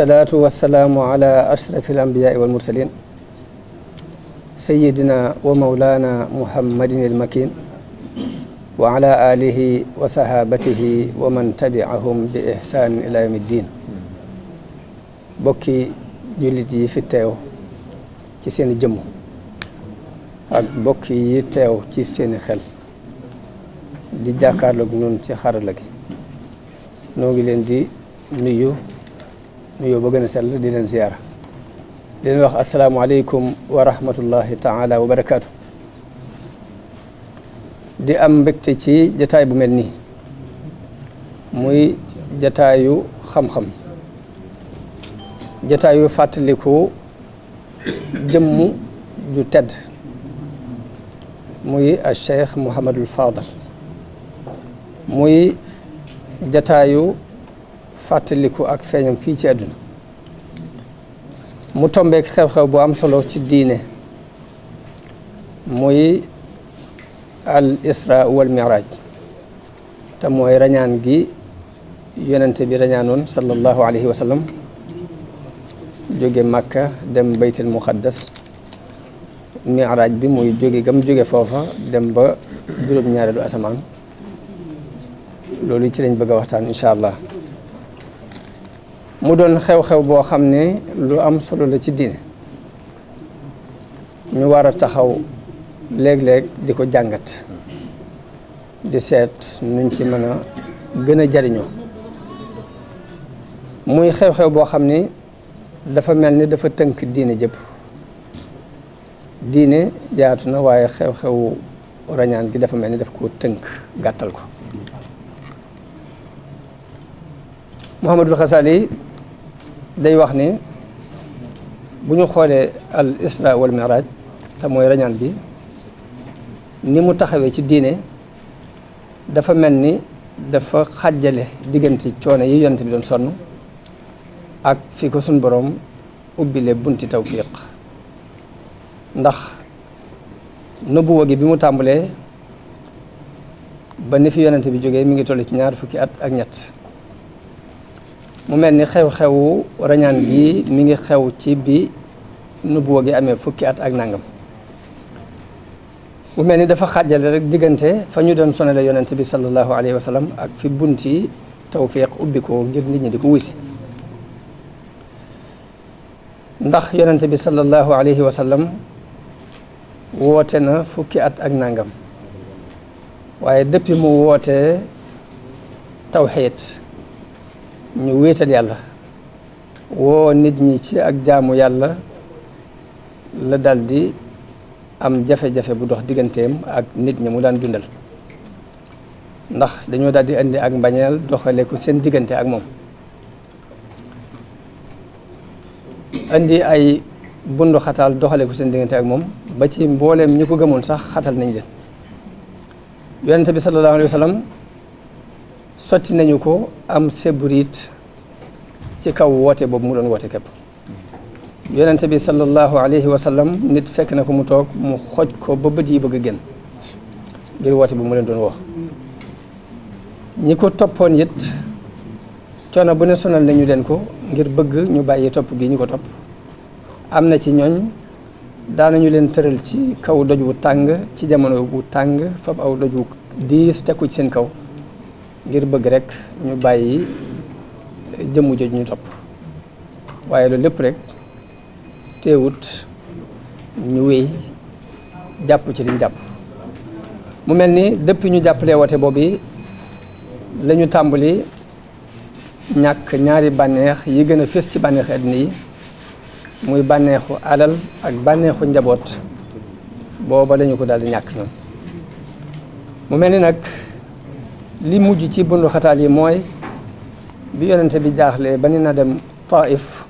wasalaatu wasalaamu ala ashrafi alambiyaai walmursalin sayidina wa maulana muhammadin almakin wa ala alihi wa sahabatihi wa man tabiahum bi ihsanin ila yawmi bokki jullit yi fi teew ci seeni jëmm ak bokki yi teew ci seeni xel di jàkkaarloog ñun ci xarala gi noo ngi leen di nuyu nuyoo ba gën a sell di leen ziyaara di leen wax asalaamaaleykum wa taala wa barakaatu di am mbégte ci jataay bu mel ni muy jataayu xam-xam jataayu fàttaliku jëmm ju tedd muy a cheikh Mouhamadul muy jataayu fàttaliku ak feeñam fii ci àdduna mu tombeek xew-xew bu am solo ci diine muy al isra wal miraaj te mooy rañaan gi yonante bi rañaanoon sallallahu alayhi wa jóge màkka dem baytil muqaddas miraaj bi muy jóge gam jóge foofa dem ba juróom-ñaareelu asamaan loolu ci lañ bëgg a waxtaan incha allah mu doon xew-xew boo xam ne lu am solo la ci diine ñu war a taxaw léeg-léeg di ko jàngat di seet nuñ ci mën a gën a jariñoo muy xew-xew boo xam ni dafa mel ni dafa tënk diine jëpp diine yaatu na waaye xew-xewu rañaan gi dafa mel ni daf ko tënk gàttal ko Muhammadul Xasali day wax ni bu ñu xoolee al isra wal te mooy rañaan bi ni mu taxawee ci diine dafa mel ni dafa xajale diggante coono yi yonent bi doon sonn ak fi ko suñ boroom ubbile bunti tawfiq ndax nubuwa gi bi mu tàmbalee ba ni fi yonent bi jógee mi ngi toll ci ñaar fukki at ak ñett mu mel ni xew-xewu rañaan gi mi ngi xew ci bi nubuwa gi amee fukki at ak nangam mu mel ni dafa xàjjale rek diggante fa ñu doon sonale yonent bi sallallahu alayhi wa sallam ak fi bunti tawfiq ubbi ko ngir nit ñi di ko wusi ndax yonent bi sallallahu alayhi wa woote na fukki at ak nangam waaye depuis mu woote tawxiit ñu wéetal yàlla woo nit ñi ci ak jaamu yàlla la daldi am jafe-jafe bu dox digganteem ak nit ñi mu daan dundal ndax dañoo daldi indi ak mbañeel doxale ko seen diggante ak moom indi ay bundu xataal doxale ko seen diggante ak moom ba ci mbooleem ñi ko gëmoon sax xatal nañ leen yonente bi sallallahu alayhi wa sotti nañu ko am seburit ci kaw woote boobu mu doon woote képp yonente bi sallallahu alayhi wa sallam nit fekk na ko mu toog mu xoj ko ba bët yi bëgg a génn ngir woote bu mu leen doon wax ñi ko toppoon it coono bu ne sonal nañu leen ko ngir bëgg ñu bàyyi topp gi ñu ko topp am na ci ñooñ daanañu leen tëral ci kaw doj wu tàng ci jamono bu tàng fab aw doj wu diis tekku ci seen kaw ngir bëgg rek ñu bàyyi jëmm jooju ñu topp waaye loolu lépp rekk teewut ñu wéy jàpp ci liñ jàpp mu mel ni depuis ñu jàppalee woote boobu lañu ñu tàmbali ñàkk ñaari bànneex yi gën a fés ci bànneexu àddina yi muy bànneexu alal ak bànneexu njaboot booba lañu ko daal di ñàkk ñoom mu mel ni nag li mujj ci bundu xataal yi mooy bi yonente bi jaaxlee ba ni na dem taif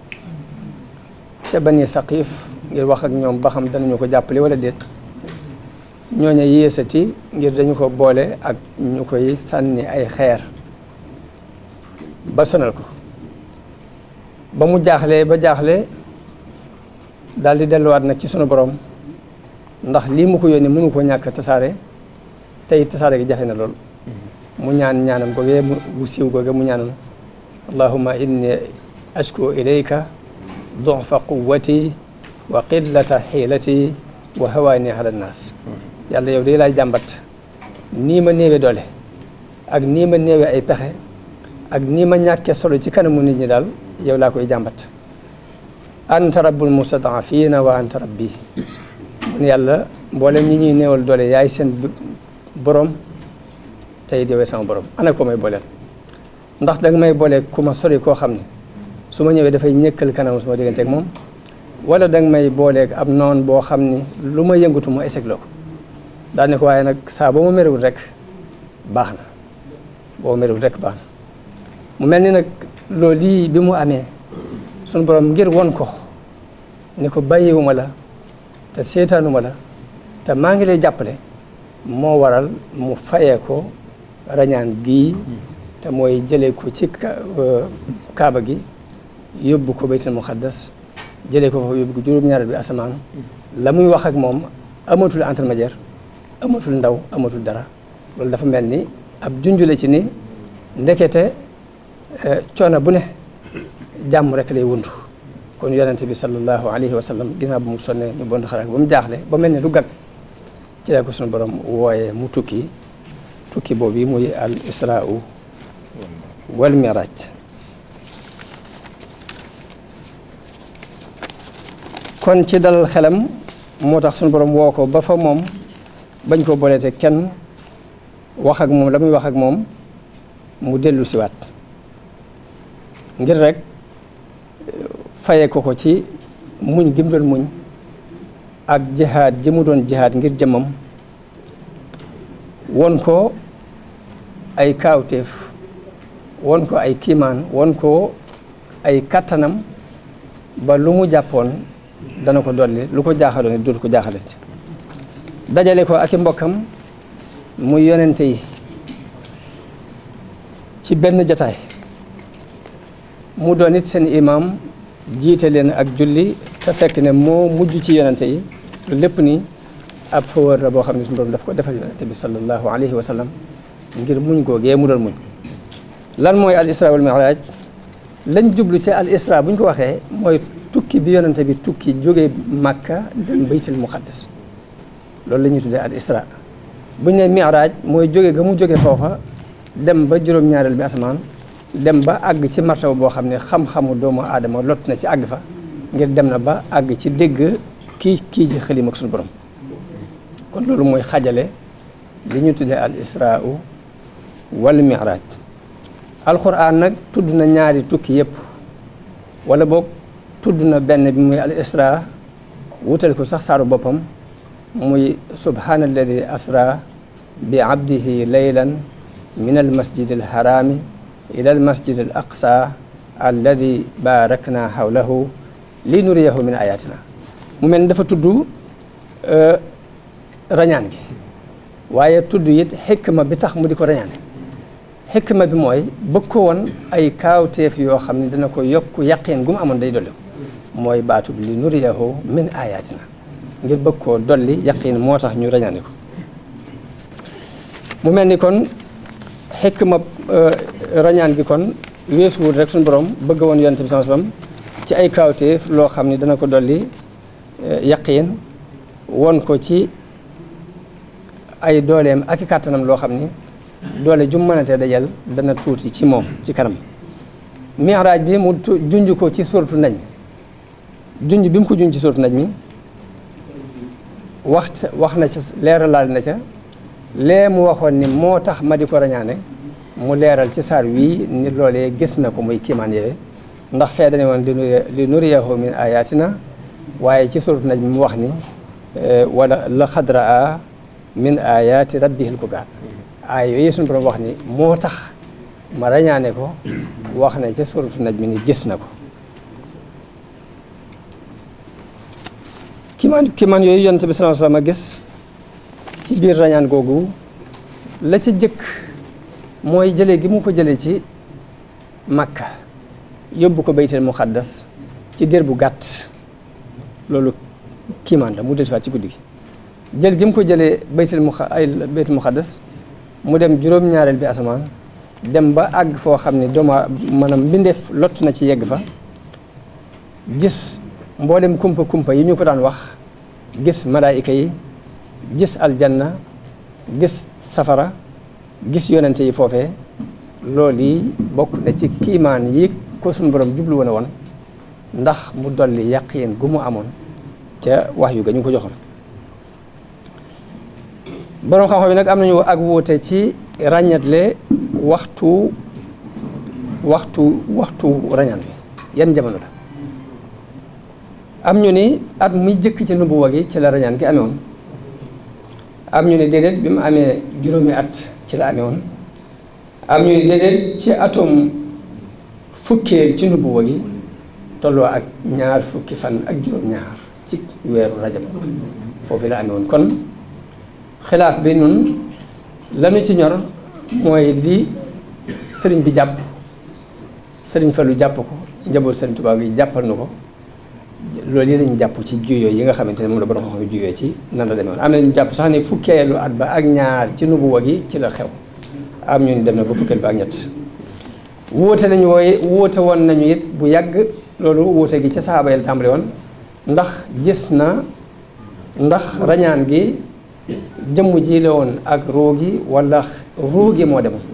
ca bani saqif ngir wax ak ñoom ba xam danañu ko jàppale wala déet ñooña yéesati ngir dañu ko boole ak ñu koy sànni ay xeer ba sonal ko ba mu jaaxlee ba jaaxle daldi delluwaat nag ci sunu borom ndax lii mu ko yónnee mënu ko ñàkk tasaare tey tasaare gi jafe na lool mu ñaan ñaanam googee mu siiw googee mu ñaanal allahuma inni ashku ilayka dufa quwati wa qillata xiilati wa hawaani ala nnaas yàlla yow day laay jàmbat nii ma néewe doole ak nii ma néewe ay pexe ak nii ma ñàkkee solo ci kanamu nit ñi daal yow laa koy jàmbat anta rabbul mustadafina wa anta rabbi mun yàlla boole ñi ñuy néewal doole yaay seen borom tey it yowee sama borom ana ko may booleel ndax danga may boole ku ma sori koo xam ne su ma ñëwee dafay ñëkkal kanam su ma digganteeg moom wala danga may booleeg ab noon boo xam ni lu ma yëngatu mu échec loo ko daal ne ko waaye nag saa boo ma merewul rek baax na boo ma rekk rek baax na mu mel ni nag loolu lii bi mu amee sunu borom ngir won ko ni ko bàyyiwuma la te seetaanuma la te maa ngi lay jàppale moo waral mu fayee ko rañaan gii te mooy jëlee ko ci euh, kaaba gi yóbbu ko baytul muqaddas jëlee ko fa yóbbu ko juróom-ñaareel bi asamaan la muy wax ak moom amatul intermédiaire amatul ndaw amatul dara loolu dafa mel ni ab junjule ci ni ndekete euh, coono bu ne jàmm rek lay wundu kon yonente bi sallallahu alayhi wa sallam bu mu sonnee ñu bon xarak ba mu jaaxle ba mel ni du gag ci ko suñu borom wooyee mu tukki tukki boobu yi muy al israa wal miraaj kon ci dalal xelam moo tax suñu borom woo ko ba fa moom bañ koo boleete kenn wax ak moom la muy wax ak moom mu dellu siwaat ngir rek faye ko ko ci muñ gim doon muñ ak jihaad ji mu doon jihaad ngir jëmmam won ko ay kawteef won ko ay kiimaan won ko ay kàttanam ba lu mu jàppoon dana ko dolli lu ko jaaxaloon it dootu ko jaaxalante dajale ko ak mbokkam mu yonente ci benn jataay mu doon it seen imaam jiite leen ak julli sa fekk ne moo mujj ci yonente yi lu lépp nii ab faveur la boo xam ne suñu borom daf ko defal yonente bi sallallahu alayhi wa sallam ngir muñ googee mu doon muñ lan mooy al isra wal miraaj lañ jublu ci al isra bu ñu ko waxee mooy tukki bi yonente bi tukki jógee màkka dem baytul muqaddas loolu la ñuy tuddee al isra bu ñu miraaj mooy jóge ga mu jóge foofa dem ba juróom-ñaareel bi asamaan dem ba àgg ci martaba boo xam ne xam-xamu doomu aadama lott na ci àgg fa ngir dem na ba àgg ci dégg kii kii ji xalim ak suñu borom kon loolu mooy xajale li ñu tuddee al israa wal miraaj alxuraan nag tudd na ñaari tukki yëpp wala boog tudd na benn bi muy al wutal ko sax saaru boppam muy subhaanalladi asra bi abdihi laylan min al masjid al haraami ila al masjid al aqsa alladi baarakna hawlahu li nuriyahu min ayatina mu mel dafa tudd euh, rañaan gi waaye tudd it xikma bi tax mu di ko rañaane xikma bi mooy bëgg ko woon ay kaawteef yoo xam ne dana ko yokk yaqeen gu mu amoon day dolli mooy baatub li nuriyahu min ayatina ngir bëgg koo dolli yaqeen moo tax ñu rañaane mu mel ni kon xikma euh, rañaan gi kon weesuwul rek suñu borom bëgg woon yonent bi sama salaam ci ay kaawteef loo xam ne dana ko dolli euh, yaqeen won ko ci ay dooleem ak i loo xam ni doole jum dajal dana tuuti ci moom ci kanam miraaj bi mu junj ko ci suratu naj mi junj bi ko ci suratu nañ mi wax wax na ca leeralaal na ca lee mu waxoon ni moo tax ma di ko rañaane mu leeral ci saar wii ni loolee gis na ko muy kiimaan yooyu ndax fee dane woon li nuriyahu min ayatina waaye ci suratu nañ mi mu wax ni wala la xadra min ayaati rabbihil bugaan aay yooyu suñu borom wax ni moo tax ma rañaane ko wax ne ca suratu naj mi ni gis na ko ki man ki yooyu yonent bi sallallahu alayhi gis ci biir rañaan googu la ca jëkk mooy jële gi mu ko jële ci Makka yóbbu ko baytal muqaddas ci diir bu gàtt loolu kiimaan la mu dellusiwaat ci guddi gi jël gi mu ko jëlee baytul mu ay baytul muqaddas mu dem juróom-ñaareel bi asamaan dem ba àgg foo xam ne dooma maanaam mbindeef lott na ci yegg fa gis mboolem kumpa kumpa yi ñu ko daan wax gis malaayika yi gis aljanna gis safara gis yonente yi foofee loolu yi bokk na ci kiimaan yi ko suñu borom jublu wone a woon ndax mu dolli yàqiin gu mu amoon ca wax yu ga ñu ko joxoon boroom xam-xam yi nag am nañu ak wuute ci ràññatle waxtu waxtu waxtu ràññan bi yan jamono la am ñu ni at muy jëkk ci nubuwa gi ci la rañaan gi am ñu ni déedéet bi amee juróomi at ci la am ñu ni déedéet ci atum fukkeel ci nubuwa gi tolloo ak ñaar fukki fan ak juróom-ñaar ci weeru rajab foofu la amewoon kon xilaaf bi nun lanu ci ñor mooy li sëriñ bi jàpp sëriñ Fallou jàpp ko njaboot sëriñ Tuubaa bi jàppal na ko loolu yi lañ jàpp ci juyoo yi nga xamante ne moom la borom xam juyoo ci nan la demee woon am na ñu jàpp sax ne fukkeelu at ba ak ñaar ci nubuwa gi ci la xew am ñu dem na ba fukkeel ba ak ñett wóote nañu wooye wóote woon nañu it bu yàgg loolu wóote gi ca saxaaba yi la tàmbali woon ndax gis na ndax rañaan gi jëmm ji la woon ak ruu gi wala ruu gi moo demoon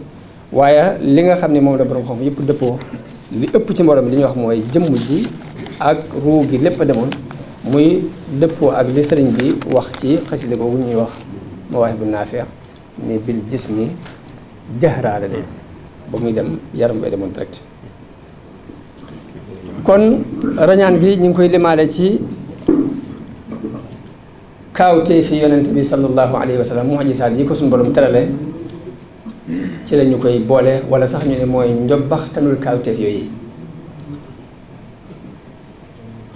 waaye li nga xam ne moom la borom xam yëpp dëppoo li ëpp ci mbooloo li ñuy wax mooy jëmm ji ak ruu gi lépp a demoon muy dëppoo ak li sëriñ bi wax ci xasida boobu ñuy wax mawaahibu naafeex ni bil jismi jahraa la de ba muy dem yaram bay demoon direct kon rañaan gi ñu ngi koy limaale ci kaawtee fi yonent bi sallallahu alayhi wa sallam mujisaat yi ko suñu borom teralee ci la ñu koy boole wala sax ñu ne mooy njobbaxtanul kaawteef yooyu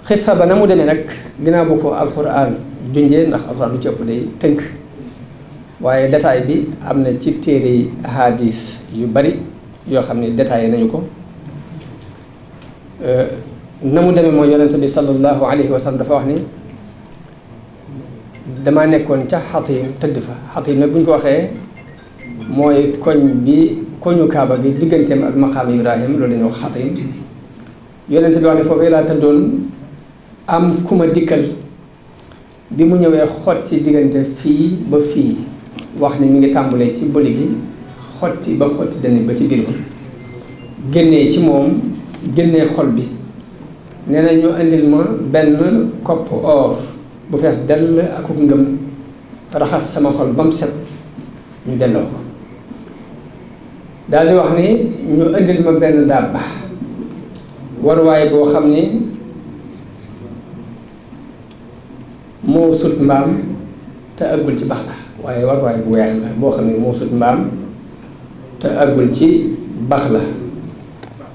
xissa ba na mu demee nag ginnaaw ko alxuraan junjee ndax alxuraan lu ci ëpp day tënk waaye détail bi am na ci téere yi yu bari yoo xam ne détaillé nañu ko euh, na mu demee mooy yonent bi sallallahu alayhi wa sallam dafa wax ni damaa nekkoon ca xatim tëdd fa xatim nag bu ñu ko waxee mooy koñ bi koñu kaaba bi digganteem ak maqaam Ibrahim loolu la ñuy wax xatim tëddoon am ku ma dikkal bi mu ñëwee xotti diggante fii ba fii wax ne mi ngi tàmbalee ci bëli gi xotti ba xotti dani ba ci biir génnee ci moom génnee xol bi nee na ñu indil ma benn kopp or bu fees dell ak ngëm raxas sama xol ba mu set ñu delloo ko daldi wax ni ñu indil ma benn dàbba waruwaay boo xam ni moo sut mbaam te ëggul ci bax waaye waruwaay bu weex boo xam ni moo sut mbaam te ëggul ci bax la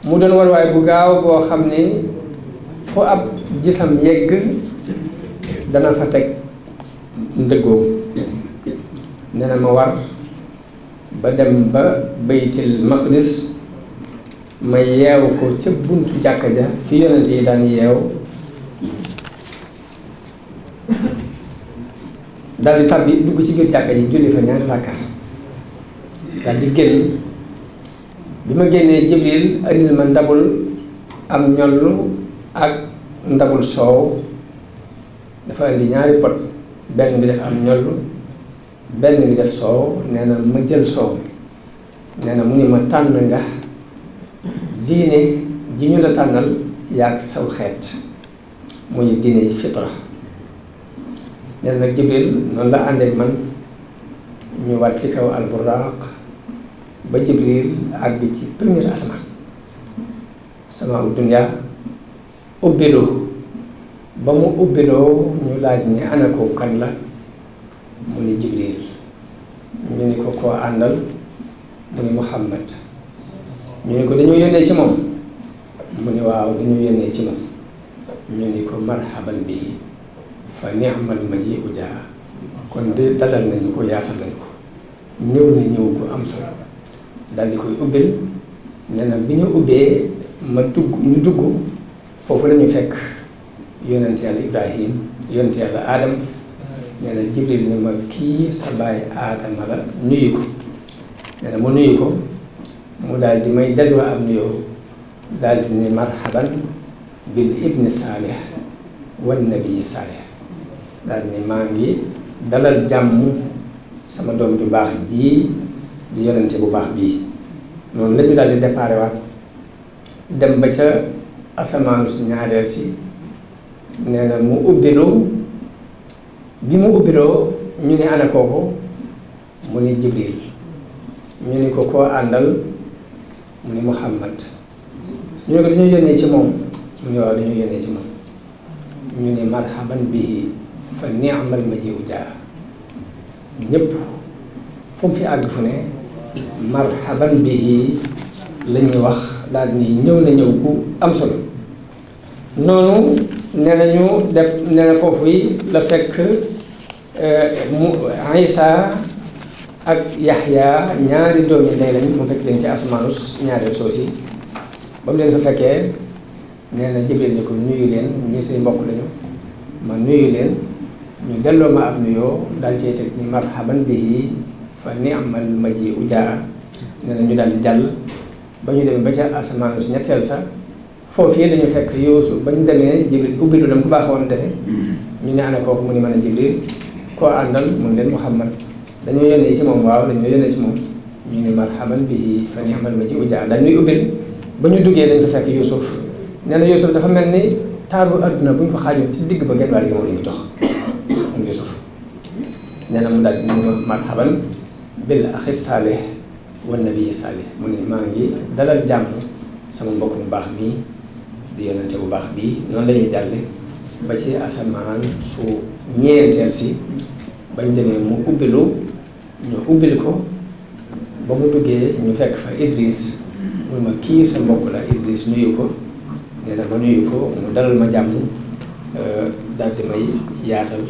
mu doon waruwaay bu gaaw boo xam ni fu ab gisam yegg dana fa teg ndëggoo nee na ma war ba dem ba baytil maqdis ma yeew ko ca buntu jàkka ja fi yonent yi daan yeew daal di dugg ci biir jàkka ji julli fa ñaari ràkka daal génn bi ma génnee jibril andil ma ndabul am ñollu ak ndabul soow dafa indi ñaari pot benn bi dafa am ñollu benn bi def soow nee na ma jël soow nee na mu ni ma tànn nga diine ji ñu la tànnal yaag saw xeet muy diine yi fitra nee na nag noonu la àndee man ñu war ci kaw alburaaq ba Jibril àgg ci premier asmaan sama dunyaa ubbilu ba mu ubbiloo ñu laaj ni ana ko kan la mu ni Jibril ñu ni ko koo àndal mu Muhammad ñu ni ko dañoo yónnee ci moom mu ni waaw dañoo yónnee ci moom ñu ni ko marhaban bi fa ni'mal maji'u jaa kon de dalal nañu ko yaatal nañu ko ñëw na ñëw bu am solo daal di koy ubbil nee bi ñu ubbee ma dugg ñu dugg foofu lañu fekk yonent yàlla ibrahim yonent yàlla aadam nee na jibril ni ma kii sa baay aadama la nuyu ko nee na nuyu ko mu daal di may delloo am nuyoo dal di ni marhaban bil ibni saalih maa ngi dalal jàmm sama doom ju baax ji di yonente bu baax bii noonu lañu daal di déparé waat dem ba ca asamaanu si ñaareel si nee na mu ubbiloo bi mu ubbiloo ñu ne ana kooku mu ni Jibril ñu ni ko koo àndal mu ni Muhammad ñu ne ko dañoo yónnee ci moom mu ni waaw dañoo yónnee ñu ni marhaban bihi fa ni'mal maji'u jaa ñépp fu mu fi àgg fu ne marhaban bihi la wax daal ni ñëw na ñëw ku am solo noonu nee nañu def nee foofu yi la fekk euh, mu Isa ak Yaxya ñaari doom yi ndey lañ mu fekk leen ci asmaanu ñaareel soos yi ba mu leen fa fekkee nee na Jibril ni ko nuyu leen ñii say mbokk lañu ma nuyu leen ñu delloo ma ab nuyoo daal cee teg ni marhaban bihi fa ni amal ma ji u jaa nee na ñu daal di jàll ba ñu dem ba ca asmaanu ñetteel sa foofu yee dañu fekk Yuusuf ba ñu demee Jibril ubbi tuddam ku baax woon defe ñu ne ana kooku mu ni mën a Jibril koo àndal mu ne leen Muhammad dañoo yónnee ci moom waaw dañoo yónnee ci moom ñu ne marhaban bi fa ni'mal maji'u jaa dañuy ubbil ba ñu duggee dañ fa fekk Yuusuf nee dafa mel ni taaru àdduna bu ñu ko xaajoon ci ba genn wàll gi moom ñu jox mu daal mu ne marhaban bil axi saalih wa nabii saalih mu ne maa ngi dalal jàmm sama mbokk mu baax mii di yonente bu baax bii noonu lañuy jàlle ba ci asamaan su ñeenteel si bañ demee mu ubbilu ñu ubbil ko ba mu duggee ñu fekk fa Idris mu ma kii sa mbokk la Idris nuyu ko nee na nuyu ko mu dalal ma jàmm euh, daal di may yaatal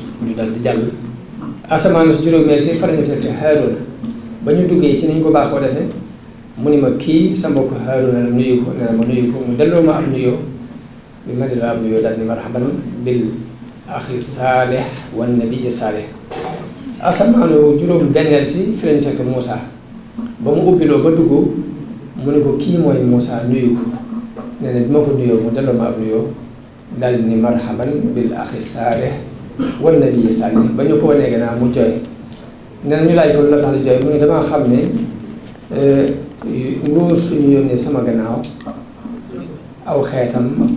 duggee ci niñ ko baaxoo defee mu kii sa mbokk Haaruna la bi ma di laa nuyoo daal di marhaban bil axi saalih wan nabiyyi asamaanu juróom benneel si fi fekk Moussa ba mu ubbiloo ba dugg mu ne ko kii mooy Moussa nuyu ko na mu delloo ma ab ba ñu ko wanee gannaaw ko lu jooy mu damaa xam ne eh, nguur suñu yónnee sama gannaaw aw xeetam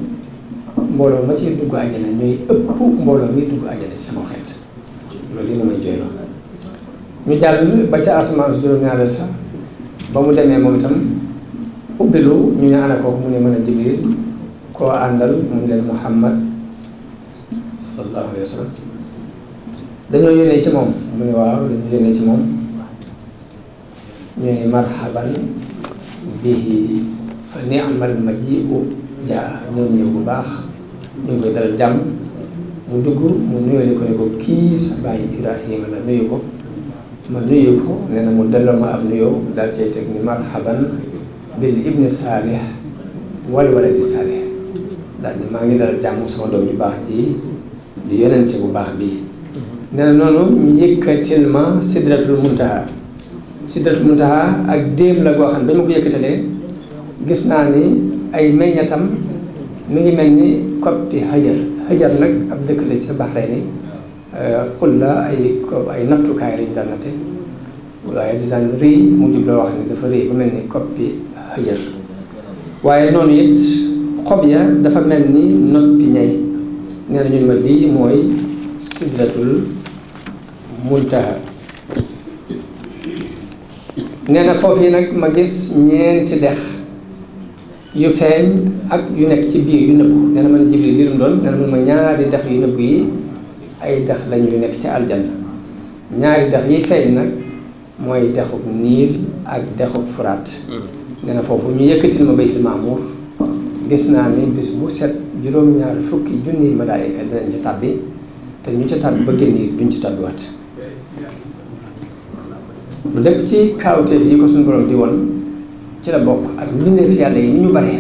mbooloo ma ci dugg àjjana ñooy ëpp mbooloo mi dugg àjjana ci sama xeet loolu dina may jooyloo ñu jàll ba ca asamaan su juróom-ñaareel sax ba mu demee moom itam ubbilu ñu ne ana mu ne mën a Jibril koo àndal mu leen Muhammad sallallahu dañoo yónnee ci moom mu ne waaw dañoo yónnee ci moom ñu ne marhaban bihi fa ni'mal maji'u ñëw ñëw bu baax ñu ngi koy dalal jàmm mu dugg mu nuyoo ko ko kii sa bàyyi Ibrahima la nuyu ko ma nuyu ko nee na mu delloo ma ab dal daal cay teg ni marhaban bil ibni saalih wal waladi saalih daal ni maa ngi dalal jàmm sama doom ju baax ji di yonente bu baax bii nee na noonu ñu yëkkatil ma sidratul muntaha sidratul muntaha ak déem la goo xam ne ba ma ko yëkkatalee gis naa ni ay meññatam mi ngi mel ni koppi hajar hajar nag ab dëkk la ci sa Bahrayn xul la ay ay nattukaay lañ daan natte waaye di daan rëy mu jubloo wax ne dafa rëy ba mel ni koppi hajar waaye noonu it xob ya dafa mel ni noppi ñay nee na ma lii mooy sidratul muntaha nee na foofu yi nag ma gis ñeenti dex yu feeñ ak yu nekk ci biir yu nëbbu nee na mën a jibril li mu doon nee na ma ñaari dex yu nëbbu yi ay dex lañu yu nekk ci aljanna ñaari dex yi feeñ nag mooy dexub niil ak dexub furaat hmm. nee na foofu ñu yëkkatil ma baytul maamuur gis naa ni bis bu set juróom-ñaar fukki junni malaayika dinañ ci tàbbi te ñu ci tàbbi ba génn yi duñ ci tàbbiwaat lu lépp ci kaawteef yi ko suñu borom di woon ci la bokk ak mbindeef yàlla yi ni ñu bare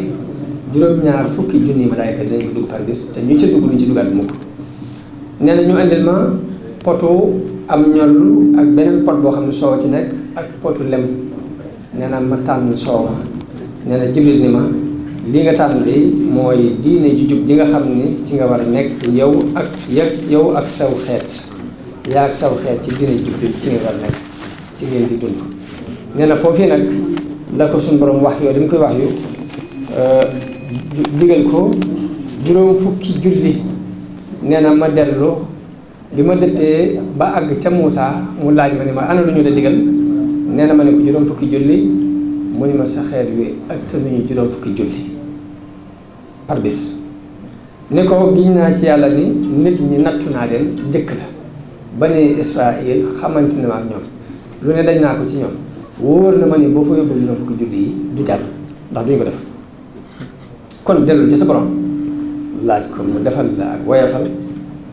juróom-ñaar fukki junni malaayka dinañ ko dugg par bis te ñu ci dugg luñ ci duggaat mukk nee na ñu andil ma potu am ñollu ak beneen pot boo xam ne soow ci nekk ak potu lem nee na ma tànn soow ma nee na jibril ni ma li nga tànn de mooy diine ju jub ji nga xam ni ci nga war a nekk yow ak yëg yow ak saw xeet yaa ak saw xeet ci diine jub ci nga war nekk ci ngeen di dund nee na foofii nag la ko suñ borom wax yooyu li mu koy wax yu euh, digal ko juróom fukki julli nee na ma dellu bi ma dëttee ba àgg ca Moussa mu laaj ma ne ma ana lu ñu la digal nee na ma ne ko juróom fukki julli mu ni ma sa xeer wi ak tënuñu juróom fukki julli par bis ni ko giñ naa ci yàlla ni nit ñi nattu naa leen jëkk la bani Israël xamante ne ma ak ñoom lu ne dañ naa ko ci ñoom wóor na ma ni boo fa yóbbu juróom fukki julli yi du jàll ndax duñu ko def kon dellu ci sa borom laaj ko mu defal la ak woyafal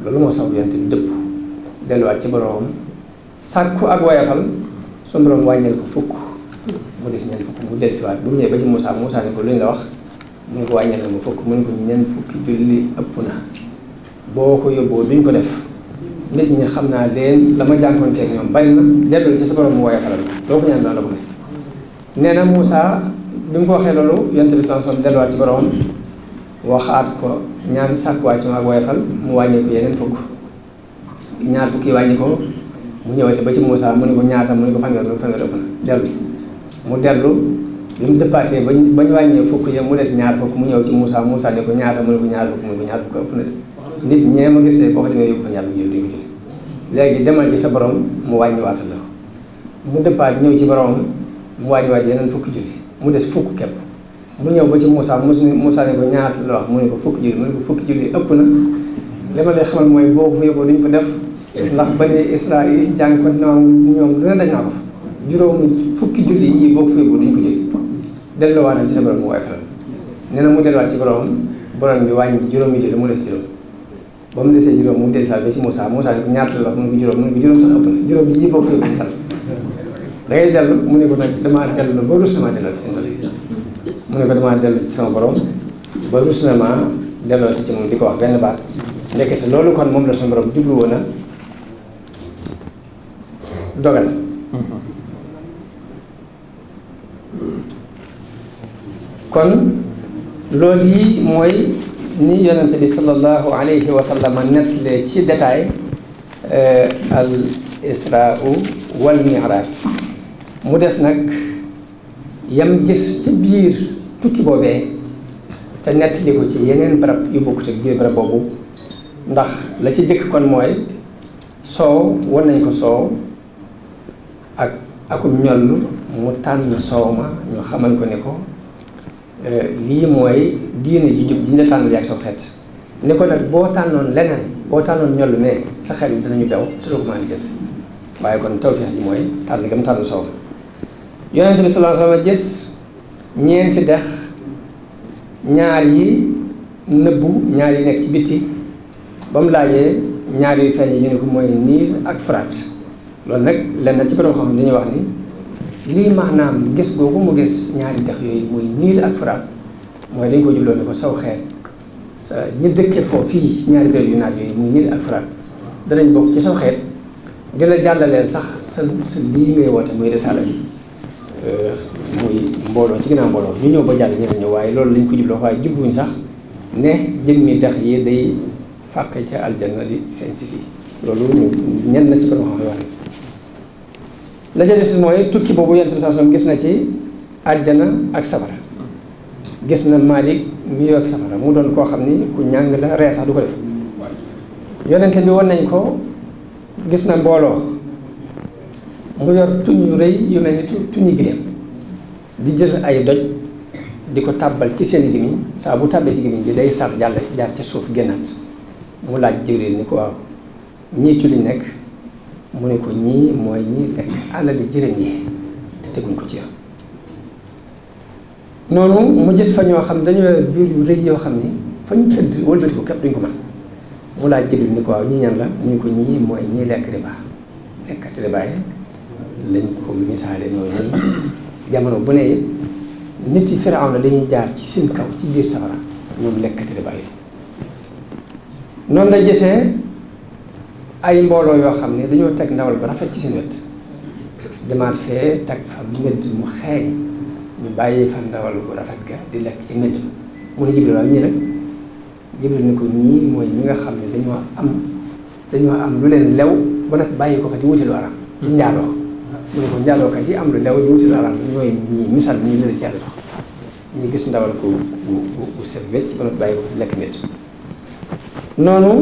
loolu moo sax yonent bi dëpp delluwaat ci boroom ko ak woyafal su boroom wàññeel ko fukk mu des ñeent fukk mu dellusiwaat bu mu ñëwee ba ci Moussa Moussa ne ko lu ñu la wax mu ne ko wàññeel na fukk mu ne ko ñeent fukki julli ëpp na boo ko yóbboo duñ ko def nit ñi xam naa leen dama ma jànkuwanteeg ñoom bari na dellu ci sa borom mu woyofalal loo ko ñaan daan la ko nee na Moussa bi mu ko waxee loolu yonent bi sallallahu alayhi delluwaat ci boromam waxaat ko ñaan sàkkuwaat ci ma ak woyofal mu wàññi ko yeneen fukk ñaar fukk yi wàññi ko mu ñëwati ba ci Moussa mu ne ko ñaata mu ne ko fanweer mu ne ko fanweer ëpp na dellu mu dellu bi mu dëppaatee bañ bañ mu des ñaar fukk mu ñëw ci Moussa Moussa ne ko ñaata mu ne ko ñaar fukk mu ne ko ñaar fukk ëpp na de nit ñee ma gisee boo fa demee yóbbu fa ñaar mu jël duñ ko léegi demal ci sa borom mu wàññiwaat la mu dëppaat ñëw ci boromam mu wàññiwaat yeneen fukki mu des fukk képp mu ñëw ba ci Moussa Moussa ne ko ñaata la wax mu ko fukki julli mu ne fukki julli ëpp na li ma mooy boo ko fa yóbboo duñ ko def ndax bani Israël jàng ko ñoom ñoom dina daj naa ko fukki julli yi boo ko fa yóbboo duñ ko jël delluwaat ci sa borom mu waaye faral nee na mu delluwaat ci boromam borom bi wàññi juróomi julli mu des juróom ba mu desee juróom mu des daal ba ci Moussa Moussa ñaata la mu ne ko juróom mu ne ko juróom sax ëpp na juróom mu ne ko damaa dellu ba rus na ma delloo ci mu di ko wax benn baat ndekete loolu kon moom la sama borom jublu a dogal kon loolu yi mooy ni yonent bi sallallahu alayhi wa sallam ci détail euh, al israa wal miraaj mu des nag yam gis ci biir tukki boobee te nettali ko ci yeneen barab yu bokkut ak biir barab boobu ndax la ci jëkk kon mooy soow wan nañ ko soow ak akum ñoll mu tànn soow ma ñu xamal ko ne ko Euh, lii mooy diine ju jub diñ la tànnal yaag saw xeet ne ko nag boo tànnoon leneen boo tànnoon ñollu mais sa xel yi dinañu daw te doo ko waaye kon tawfeex ji mooy tànn gam tànn soow yonente bi sallallahu alayhi wa sallam ñeenti dex ñaar yi nëbbu ñaar yi nekk ci bitti ba mu laajee ñaar yu feeñ yi ñu ne ko mooy niir ak faraat loolu nag lenn ci borom xam-xam dañuy wax ni lii maanaam gis googu mu gis ñaari dex yooyu muy niil ak furaat mooy dañ ko jubloo ne ko saw xeet sa ñu dëkkee foofu fii si ñaari béréb yu naat yooyu muy niil ak furaat danañ bokk ci saw xeet dina jàllaleel sax sa sa lii ngay woote muy risaala euh, muy mbooloo ci ginnaaw mbooloo ñu ñëw ba jàll ñeneen ñëw waaye loolu lañ ko jubloo waaye jubluwuñ sax ne jëmmi dex yi day fàqe ca aljanna di feeñ si fii loolu ñun ñenn na ci borom xam-xam la ca des mooy tukki boobu yonent bi sallallahu gis na ci àjjana ak sabara gis na Maalik mi yor sabara mu doon koo xam ni ku ñàng la ree sax du ko def yonent bi won nañ ko gis na mbooloo mu yor tuñ yu rëy yu mel ni tuñu gileem di jël ay doj di ko tàbbal ci seen gimiñ saa bu tàbbee ci gimiñ bi day sar jàll jaar ca suuf génnaat mu laaj Jibril ni ko waaw ñii ci li nekk mu ne ko ñii mooy ñii lekk alali jërëm yi te teguñ ko ci yoon noonu mu gis fa ñoo xam dañoo biir yu rëy yoo xam ni fa ñu tëdd wëlbati ko képp duñ ko mën mu laaj jël ni ko waaw ñii ñan la mu ne ko ñii mooy ñii lekk riba lekkati riba lañ ko misaale noonu jamono bu ne nit yi firaw na dañuy jaar ci seen kaw ci biir safara ñoom lekkati riba noonu la gisee ay mbooloo yoo xam ne dañoo teg ndawal ba rafet ci seen wet demaat fee teg fa mbedd mu xee ñu bàyyee fa ndawal bu rafet ga di lekk ci mbedd mu ne Jibril waaw ñii ni ko ñii mooy ñi nga xam ne dañoo am dañoo am lu leen lew ba nag bàyyi ko fa di wuti lu araam di njaaloo mu ne ko njaalookat yi am lu lew ñu wuti lu araam ñooy ñii misaal bi ñu leen ci yàlla jox ñu gis ndawal ko bu bu set wecc ba nag bàyyi ko fa di lekk mbedd noonu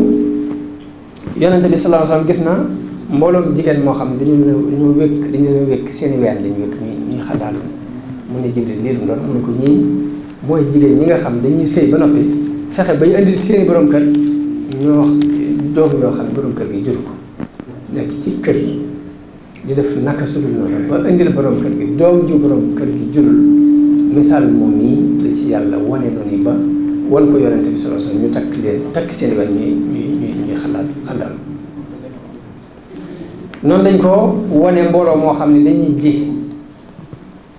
yonente bi sallallahu alayhi gis na mbooloom jigéen moo xam dañu dañu wékk dañu leen wékk seeni ween dañu wékk ñuy ñuy xadaal mu ne Jibril lii lu doon mu ne ko ñii mooy jigéen ñi nga xam dañuy sëy ba noppi fexe ba indi indil seeni borom kër ñoo doom kër gi jur ko nekk ci kër yi di def naka su dul noonu ba indil borom kër gi doom kër gi jurul misaal moom nii la ci yàlla wane noonu ba wan ko yonente bi sallallahu ñu takk leen takk seeni ween ñuy di xalaat lañ ko wone mbooloo moo xam ne dañuy ji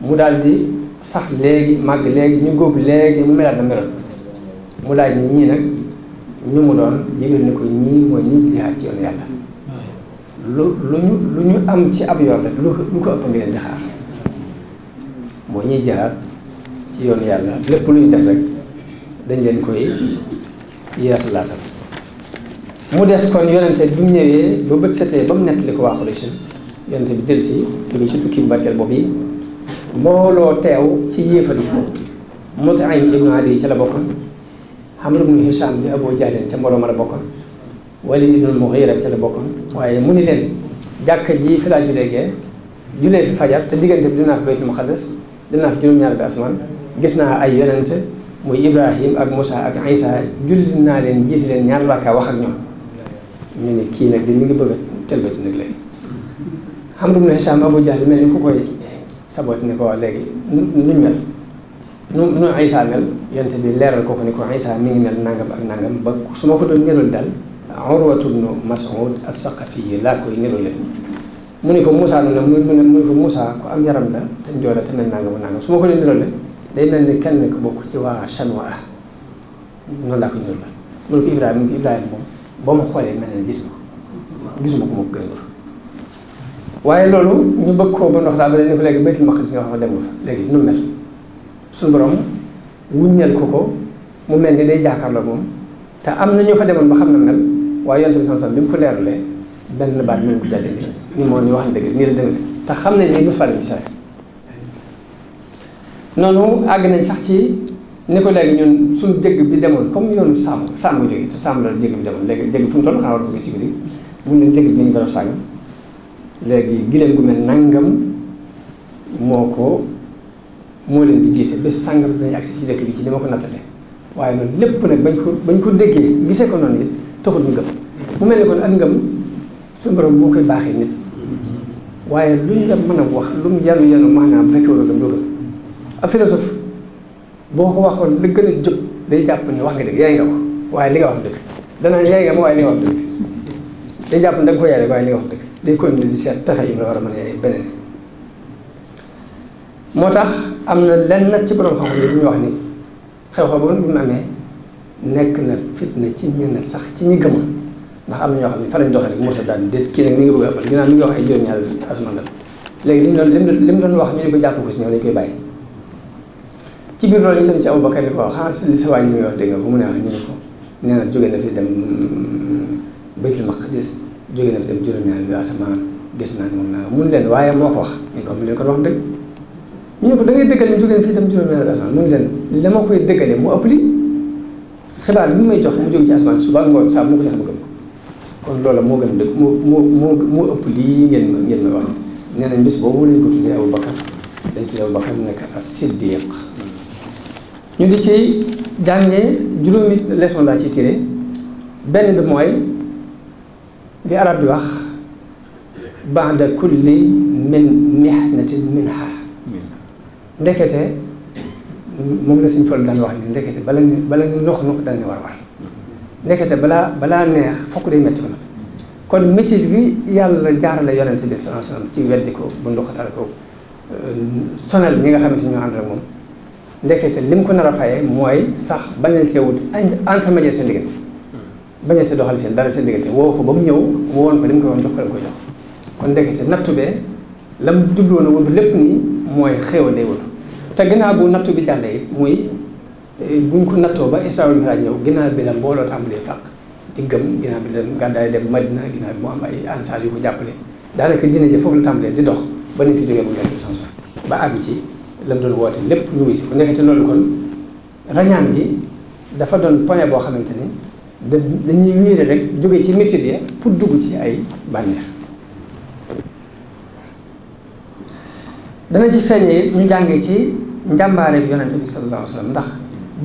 mu daldi sax léegi màgg léegi ñu góob léegi mu melaat na melal mu daal ñi ñii nag ñu mu doon jégal ni ko ñii mooy ñii jihaat ci yoonu yàlla lu lu ñu lu ñu am ci ab yoon rek lu lu ko ëpp ngi leen di xaar mooy ñuy jihaat ci yoonu yàlla lépp lu ñu def rek dañ leen koy yeesu laatal mu des kon yonente bi mu ñëwee ba bët setee ba mu nettali ko waa Quraysh yonente bi dellu si jóge ci tukki bu barkeel boobu yi mbooloo teew ci yéefar yi Mut'im ibnu Adi ca la bokkoon Amr ibnu Hisham di Abu Jahl ca mbooloo ma la bokkoon Walid ibnu Mughira ca la bokkoon waaye mu ni leen jàkka ji fi laa julee gee julee fi fajar te diggante bi dinaa fi Baytul Muqaddas dinaa fi juróom-ñaar bi asmaan gis naa ay yonente muy Ibrahim ak Moussa ak Isa julli naa leen jiiti leen ñaar waakaa wax ak ñu ne kii nag di mi ngi bëgg a tëlbati nag léegi xam nga mu ne Sam Abu Jahl mel ni ku koy saboti ni ko wax léegi nuñ mel nu nu Aïssa mel yonte bi leeral ko ko ni ko Aïssa mi ngi mel nangam ak nangam ba su ma ko doon niral daal Urwatu bnu Mas'ud as-Saqafi yi laa koy niral leen mu ne ko Moussa mu ne mu ko Moussa ku la te njool la te mel nangam ak nangam su ma ko doon niral leen day mel ni kenn ku bokk ci waa Chanwa noonu laa koy niral mu ne ko Ibrahima mu moom boo ma xoolee mel na gis ma gisuma ko ma koy wër waaye loolu ñu bëgg ko ba nox daal ba ne ko léegi baytul maqdis nga léegi nu mel suñu borom wuññal ko ko mu mel ni day jàkkaarloo moom te am na ñoo fa demoon ba xam na mel waaye yonent bi sansan bi mu ko leeralee benn baat mu ko jàddee ni moo ni wax na dëgg nii la dëgg te xam ne nii bu fàllu sax noonu àgg nañ sax ci ni ko léegi ñun suñu jëgg bi demoon comme yoonu sàmm sàmm jógee te sàmm jëgg bi demoon léegi jëgg fu mu toll xanaa war ko gis bi mu ne jëgg bi nañu gën a sàmm léegi giléem gu mel nangam moo ko moo leen di jiite bés sàngam dañuy agsi ci dëkk bi ci ni ma ko nattale waaye loolu lépp nag bañ ko bañ ko déggee gisee ko noonu it taxul ñu gëm mu mel ni kon ak ngëm suñu borom boo koy baaxee nit mm-hmm. waaye luñ la mën a wax lu mu yanu yanu maanaam bu fekkee war boo ko waxoon la gën a jub day jàpp ni wax nga dëgg yaay nga wax waaye li nga wax dëgg danaan yaay nga ma waaye li nga wax dëgg day jàpp ni nga ko yaay waaye li nga wax dëgg day continuer di seet pexe yi mu war a mën a yaay moo tax am na lenn nag ci borom xam-xam wax ni xew-xew boobu bu mu amee nekk na fitna ci ñenn sax ci ñi gëmoon ndax am na ñoo xam ne fa a ëppal ginnaaw mi ngi wax doon wax ne ko jàpp dañ koy bàyyi ci biir loolu ñu dem ci Aboubacar ni ko xanaa si sa waa ji wax dégg nga ko mu ne ah ñu ne ko nee na jóge na dem Baytul Maqdis jóge na gis naa ne moom naa leen waaye moo ko wax ñu wax dëgg ñu ne ko da ngay dëggal ne jóge dem juróom leen la ma koy ëpp li xibaar bi may jox mu jóge ci asamaan suba ngoon ko jox bëgg ma kon moo gën a dëgg ëpp lii ngeen ngeen may nañ bés boobu lañ ko tuddee Aboubacar dañ tuddee Aboubacar mu nekk as-Siddiq ñu di ci jàngee juróomi leçon laa ci tiré benn bi mooy li arab di wax ba'da kulli min mihnatin minha ndekete moom la suñu fol daan wax ni ndekete bala bala nox nox daan war war ndekete balaa balaa neex fokk day metti ko kon métier bi yàlla la yonente bi sallallahu alayhi ci weddi ko bu ndoxatal ko euh, sonal ñi nga xamante ñoo ànd ak moom ndekete lim ko nar a fayee mooy sax bañ leen see wut intermédiaire seen diggante bañ doxal seen dara seen diggante woo ko ba mu ñëw woon ko lim ko woon jox ko lim ko jox kon ndekete nattu be la mu jubloon wut lépp nii mooy xéewal lay wut te gannaaw bu nattu bi jàllee it muy eh, buñ ko nattoo ba Israa wal Miraaj ñëw ginnaaw bi la mbooloo tàmbalee fàq diggam ginnaaw bi la gàddaay dem Madina ginnaaw bi mu am ay ansaar yu mu jàppale daanaka dina ja foofu la tàmbalee di dox ba nañ fi la mu doon woote lépp ñu wuy si bu nekkee ci loolu kon rañaan gi dafa doon point boo xamante ni da dañuy wiire rek jóge ci métier ya pour dugg ci ay bànneex dana ci feeñee ñu jàngee ci njàmbaare bi yonente bi sallallahu wa sallam ndax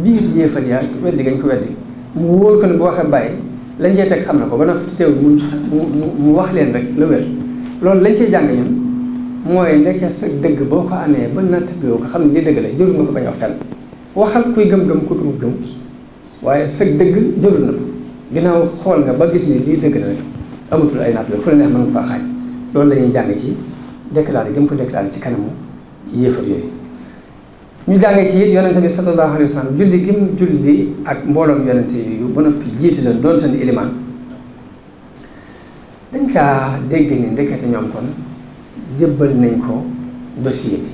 biir yéefal yaa weddi gañ ko weddi mu wóor ko ne bu waxee bàyyi lañ cee teg am na ko ba noppi teew mu mu mu wax leen rek lu wér loolu lañ cee jàng ñun mooy ndeke sa dëgg boo ko amee ba natt bi ko xam ne ni dëgg la jërul na ko bañ wax fenn waxal kuy gëm-gëm ku dul gëm waaye sa dëgg jërul na ko ginnaaw xool nga ba gis ni lii dëgg la rek amatul ay natt la fu la neex mën nga faa xaaj loolu la ñuy jàng ci déclaré gëm ko déclaré ci kanamu yéefar yooyu ñu jàngee ci it yonente bi sallallahu alayhi wa sallam julli gi mu julli ak mbooloom yonente yu ba noppi jiite leen doon seen ilimaan dañ caa dégg ni ndekete jébbal nañ ko dossier bi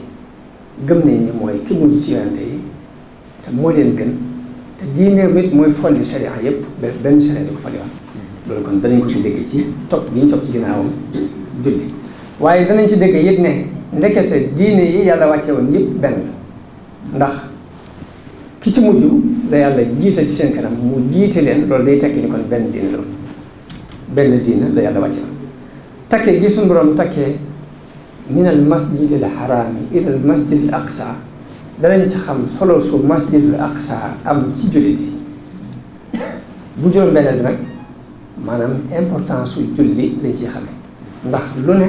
gëm nañ mooy ki mujj ci yonante yi te moo leen gën te diineem it mooy folli sharia yëpp benn sharia di kon danañ ko ci dégg ci topp gi ñu topp ci ginnaawam julli waaye danañ ci dégg it ne ndekete diine yi yàlla wàcce woon yëpp benn ndax ki ci mujj la yàlla jiital ci seen kanam mu jiite leen loolu day tekki ni kon benn diine loolu benn diine la yàlla wàcce woon takke gi suñu takkee min al masjid al xaraami ila al masjid ak aqsa danañ ci xam solo su masjid al saa am ci jullit yi bu juróom beneen bi nag maanaam importance su julli lañ ciy xamee ndax lu ne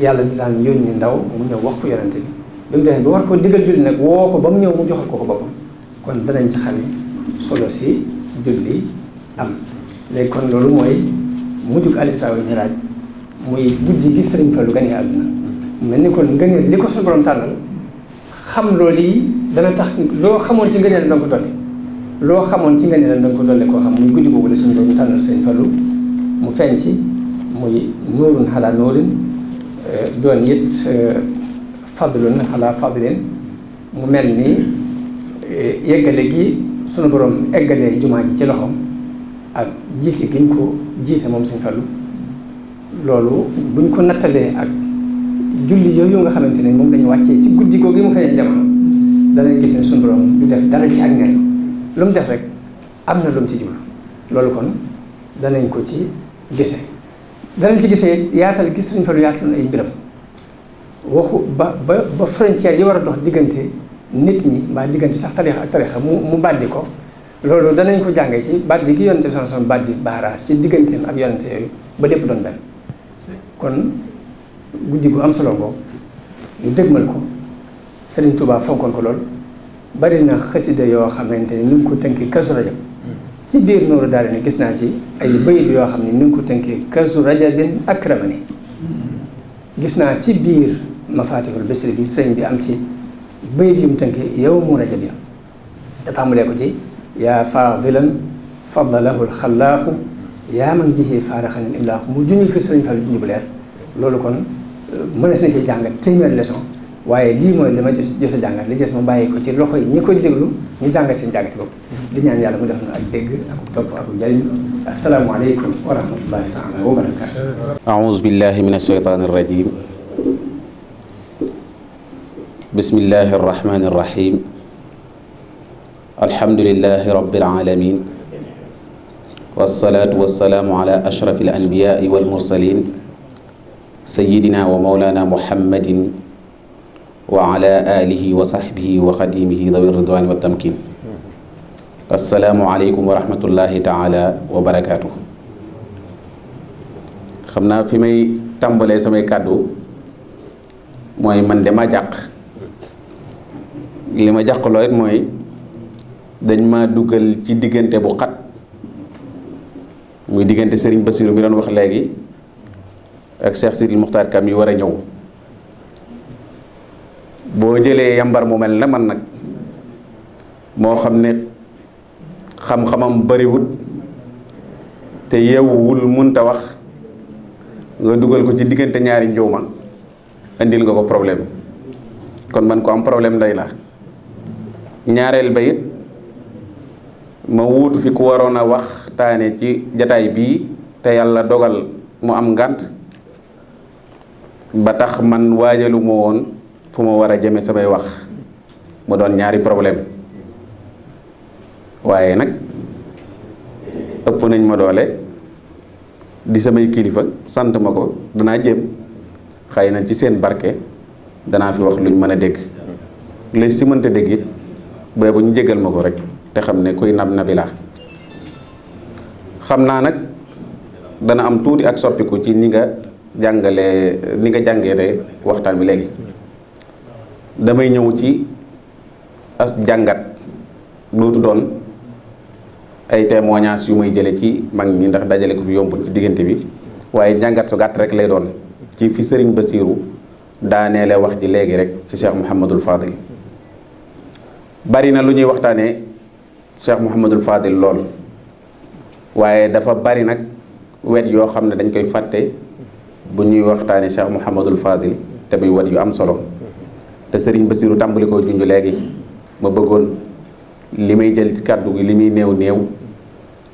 yàlla di daan yónni ndaw mu ñëw wax ko yonante bi bi mu demee bi war ko digal julli nag woo ko ba mu ñëw mu jox ko ko boppam kon danañ ci xamee solo si julli am léegi kon loolu mooy mujjug Israa wal Miraaj muy guddi gi Sëriñ Fallu gane àdduna mel ni ko ngëneel li ko suñu borom tànnal xam loolu yi dana tax loo xamoon ci ngëneel da nga ko dolli loo xamoon ci ngëneel da nga ko dolli koo xam muy guddi boobu la suñu borom tànnal seen fallu mu feeñ ci muy nuurun xalaa nuurin eh, doon it eh, fadlun xalaa fadlin mu mel ni eh, yeggale gi suñu borom eggalee jumaa ji ci loxoom ak jiite gi ñu ko jiite moom seen fallu loolu buñ ko nattalee ak julli yooyu nga xamante ne moom lañu wàccee ci guddi googu yi mu xëyee jamono danañ gis ne suñu borom du def dara ci ak nel mu def rek am na lu ci jublu loolu kon danañ ko ci gise danañ ci gisee yaatal gis suñ fa lu yaatal ay mbiram waxu ba ba ba frontière yi war a dox diggante nit ñi mbaa diggante sax tarixa ak tarixa mu mu bàddi ko loolu danañ ko jàngee ci bàddi gi yonente son son bàddi baaraas ci digganteem ak yonente yooyu ba lépp doon benn kon guddi gu am solo ko ñu dëgmal ko Serigne Touba fonkoon ko lool bari na xasida yoo xamante ni ñu ngi ko tënkee Kazu Rajab ci biir Nuuru daal gis naa ci ay bayit yoo xam ne ñu ngi ko tënkee Kazu Rajabin akramani gis naa ci biir Mafatihul Bichri bi sëñ bi am ci bayit yu mu tënkee yow mu rajab yi te tàmbalee ko ci yaa faadilan fadalahul xallaaxu yaa man bihi faaraxanin imlaaxu mu junj fi sëñ Fall junj bu leer loolu kon mënees na ci jàngat téeméer leçon waaye lii mooy li ma jot a jàngat li des ma bàyyi ko ci loxo yi ñi koy déglu ñu jàngat seen jàngati ko di ñaan yàlla mu def na ak dégg ak topp ak njëriñ asalaamaaleykum wa rahmatullahi taala wa barakaatu aouzu billahi min asheytaani arrajim bismillahi arrahmani arrahim alhamdulilahi rabbil alamin والصلاة والسلام على sayidina wa mawlana muhammadin wa ala alihi wa sahbihi wa xadimihi dawi ridwani wa tamkin assalaamu aleykum wa rahmatullahi taala wa barakaatu xam naa fi may tàmbalee samay kàddu mooy man de ma jàq li ma jàq loo mooy dañ ma dugal ci diggante bu xat muy diggante sëriñ Basiru mi doon wax léegi ak Cheikh Sidil Muxtaar Kam yi war a ñëw boo jëlee yambar mu mel ne man nag moo xam ne xam-xamam bariwut te yeewuwul munta wax nga dugal ko ci diggante ñaari njuuma indil nga ko problème kon man ko am problème day la ñaareel ba ma wuutu fi ku waroon a waxtaane ci jataay bii te yàlla dogal mu am ngànt ba tax man waajaluma woon fu ma war a jëme samay wax mu doon ñaari problème waaye nag ëpp nañ ma doole di samay kilifa sant ma ko danaa jéem xëy na ci seen barke danaa fi wax luñ mën a dégg lañ si mënta dégg it booy bu ñu jégal ma ko rek te xam ne kuy nab nabi laa xam naa nag dana am tuuti ak soppiku ci ni nga jàngale ni nga jàngee waxtaan bi léegi damay ñëw ci ak jàngat dootu doon ay témoignages yu may jële ci mag ñi ndax dajale ko fi yombul ci diggante bi waaye jàngat su gàtt rek lay doon ci fi sëriñ Basiiru la wax ji léegi rek ci Cheikh Mouhamadul Fadil bari na lu ñuy waxtaanee Cheikh Mouhamadul Fadil lool waaye dafa bari nag wet yoo xam ne dañ koy fàtte bu ñuy waxtaanee Cheikh Mouhamadul Fadil te muy wat yu am solo te Serigne Bassirou tàmbali koo junj léegi ma bëggoon li may jël kàddu gi li muy néew néew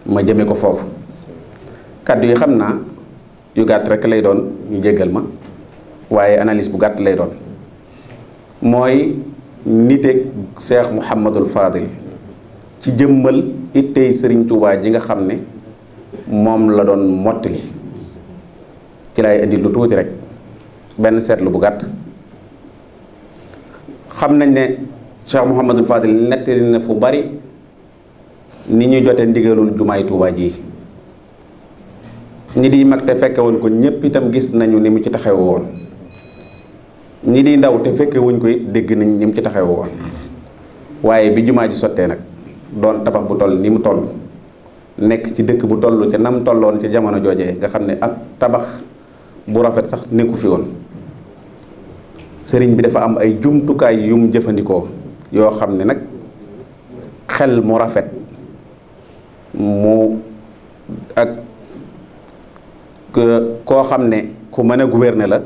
ma jëme ko foofu kàddu yi xam naa yu gàtt rek lay doon ñu jéggal ma waaye analyse bu gàtt lay doon mooy niteeg Cheikh Mouhamadul Fadil ci jëmmal ittey sëriñ Touba ji nga xam ne moom la doon mott mottali ci laay indi lu tuuti rek benn seetlu bu gàtt xam nañ ne Cheikh Mouhamadul Fadil nettali na fu bari ni ñuy jote ndigalul jumaay Tuubaa ji ñi di mag te fekke woon ko ñëpp itam gis nañu ni mu ci taxaw woon ñi di ndaw te fekke wuñ ko dégg nañ ni mu ci taxaw woon waaye bi jumaa ji sottee nag doon tabax bu toll ni mu toll nekk ci dëkk bu toll ca nam tolloon ca jamono joojee nga xam ne ak tabax bu rafet sax nekku fi woon sëriñ bi dafa am ay jumtukaay yu mu jëfandikoo yoo xam ne nag xel mu rafet mu ak koo xam ne ku mën a gouverner la